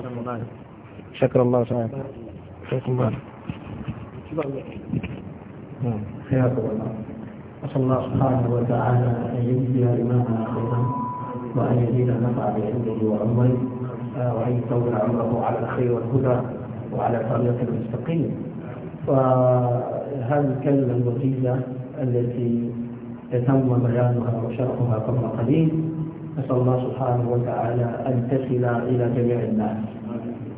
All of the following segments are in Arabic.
شكر الله تعالى حياكم الله أسأل الله سبحانه وتعالى أن يجزي إمامنا خيرا وأن يزيد النفع بعلمه وعمره آه، وأن يطول عمره على الخير والهدى وعلى طريق المستقيم فهذه الكلمة الوجيزة التي يتم بيانها وشرحها قبل قليل نسأل الله سبحانه وتعالى أن تصل إلى جميع الناس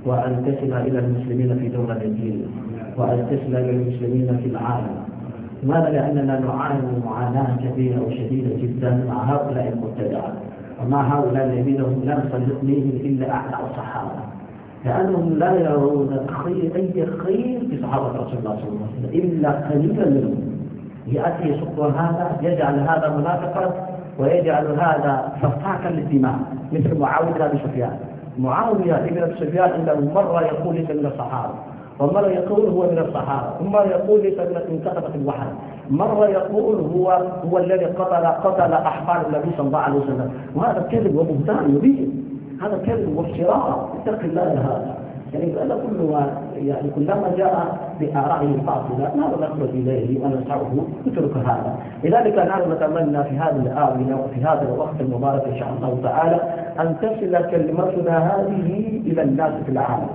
وأن تصل إلى المسلمين في دولة الدين وأن تصل إلى المسلمين في العالم لماذا؟ لأننا نعاني معاناة كبيرة وشديدة جدا مع هؤلاء المبتدعة ومع هؤلاء الذين هم لا يصدقنيهم إلا أعداء الصحابة لأنهم لا يرون خير أي خير في صحابة رسول الله صلى الله عليه وسلم إلا قليلا منهم يأتي سكر هذا يجعل هذا منافقا ويجعل هذا صفاكا للدماء مثل معاوية بن سفيان معاوية بن سفيان انه مرة يقول ليس من الصحابة ومرة يقول هو من الصحابة ومرة يقول ليس من في الوحي مرة يقول هو هو الذي قتل قتل أحبار النبي صلى الله عليه وسلم وهذا كذب وبهتان يبين هذا كذب وافتراء اتق الله هذا يعني هذا كله يعني كلما جاء بآرائه الباطلة ما نخرج إليه ونسعه نترك هذا لذلك نحن نتمنى في هذه الآونة وفي هذا الوقت المبارك إن شاء الله تعالى أن تصل كلمتنا هذه إلى الناس في العالم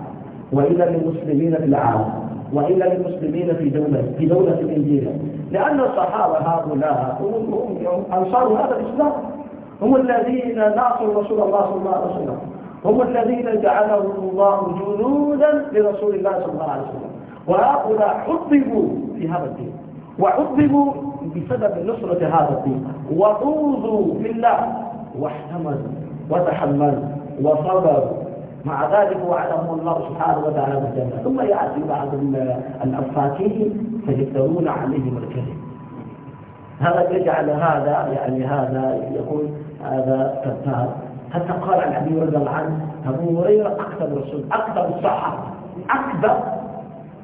وإلى المسلمين في العالم وإلى المسلمين في دولة في دولة الإنجيل لأن الصحابة هؤلاء هم أنصار هذا الإسلام هم الذين ناصروا رسول الله صلى الله عليه وسلم هم الذين جعلهم الله جنودا لرسول الله صلى الله عليه وسلم وهؤلاء حببوا في هذا الدين وعذبوا بسبب نصرة هذا الدين وأوذوا في الله واحتملوا وتحملوا وصبروا مع ذلك وعدهم الله سبحانه وتعالى بالجنة ثم يأتي بعض الأفاكين فيفترون عليهم الكذب هذا يجعل هذا يعني هذا يقول هذا كذاب حتى قال الأمير رضي الله عنه أبو هريرة أكثر رسول أكثر الصحابة أكثر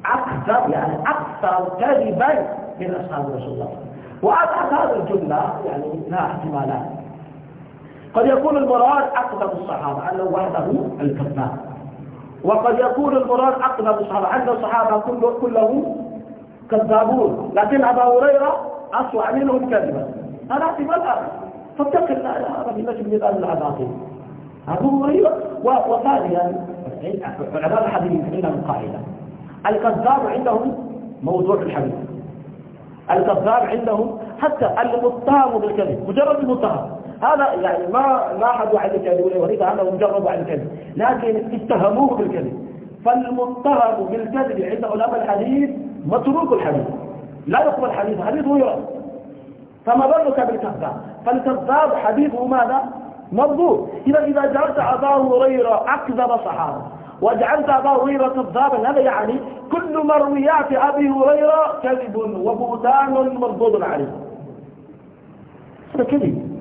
أكثر يعني أكثر كذبا من أصحاب رسول الله وأبعد هذا الجملة يعني لها احتمالات قد يكون المراد اكثر الصحابة أنه وحده الكذاب وقد يكون المراد اكثر الصحابة أن الصحابة كله كلهم كذابون لكن أبا هريرة أسوأ منهم كذبا هذا احتمال آخر فاتق الله يا عربي ما تبني الآن هذا هو غريب وثانيا علماء الحديث عندهم قاعدة الكذاب عندهم موضوع الحديث الكذاب عندهم حتى المتهم بالكذب مجرد المتهم هذا يعني ما ما حد واحد ولا يريد هذا مجرد واحد الكذب لكن اتهموه بالكذب فالمتهم بالكذب عند علماء الحديث متروك الحديث لا يقبل الحديث حديثه يرد فما ظنك بالكذاب فالكذاب حديثه ماذا مضبوط إذا إذا جعلت أبا هريرة أكذب صحابة وجعلت أبا هريرة كذابا هذا يعني كل مرويات أبي هريرة كذب وبهتان مردود عليه هذا كذب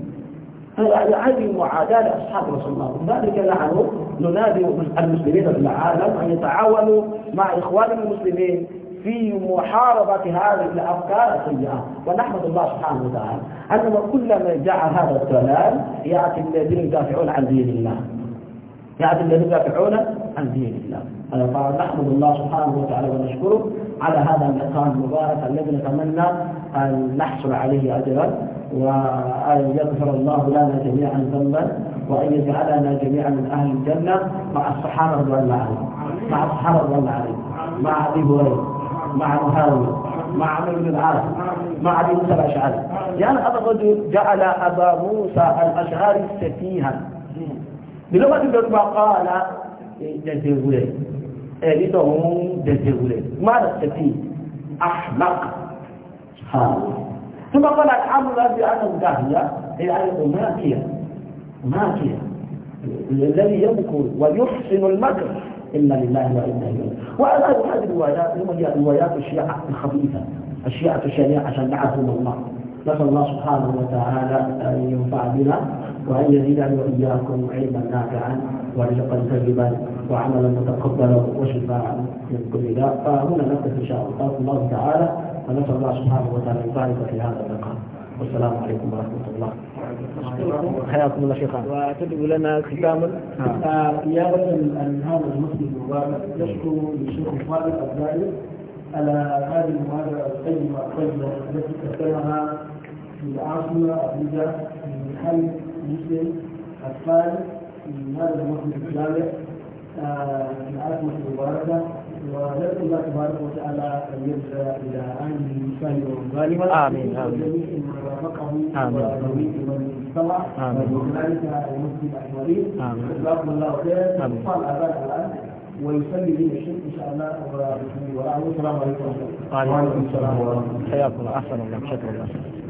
هذه المعاداة لأصحاب رسول الله ذلك نحن ننادي المسلمين في العالم أن يتعاونوا مع اخواننا المسلمين في محاربة هذه الأفكار السيئة ونحمد الله سبحانه وتعالى أنه كلما جاء هذا الضلال يأتي الذين يدافعون عن دين الله يأتي الذين يدافعون عن دين الله فنحمد الله سبحانه وتعالى ونشكره على هذا اللقاء المبارك الذي نتمنى أن نحصل عليه أجرا وأن يغفر الله لنا جميعا ذنبا وأن يجعلنا جميعا من أهل الجنة مع الصحابة رضوان الله عليهم مع الصحابة رضوان الله عليهم مع أبي هريرة مع مهاوي مع عمرو بن العاص مع ابي موسى الاشعري يعني هذا الرجل جعل ابا موسى الاشعري سفيها بلغه العظمى قال إيه، جزيرولي اريدهم جزيرولي ما السفيه احمق ثم قال الحمد لله بانه داهيه هي ايضا ماكيه ماكيه الذي يمكر ويحسن المكر إلا لله وإنا إليه وأنا هذه الروايات هم هي روايات الشيعة الخبيثة الشيعة الشريعة عشان نعرفهم الله نسأل الله سبحانه وتعالى أن ينفع بنا وأن يزيدنا وإياكم علما نافعا ورزقا طيبا وعملا متقبلا وشفاء من كل داء فهنا نقف إن شاء الله الله تعالى ونسأل الله سبحانه وتعالى أن يبارك في هذا اللقاء والسلام عليكم ورحمه الله حياكم الله شيخان وتدعو لنا ختاما نيابه نعم. آه، عن هذا المسجد المبارك نشكر للشيخ خالد الزايد على هذه المبادره القيمه الطيبه التي كتبها في العاصمه ابوجا من حي مسلم الثاني في هذا المسجد الجامع آه، العاصمه المباركه ونسأل الله تبارك وتعالى أن يرجع إلى أهله سالما غانما آمين آمين آمين آمين طلع وكذلك المسجد الأحمري جزاكم الله ويسلم لي الشيخ إن شاء الله وبركاته وعليكم السلام ورحمة الله حياكم الله أحسن الله شكرا لك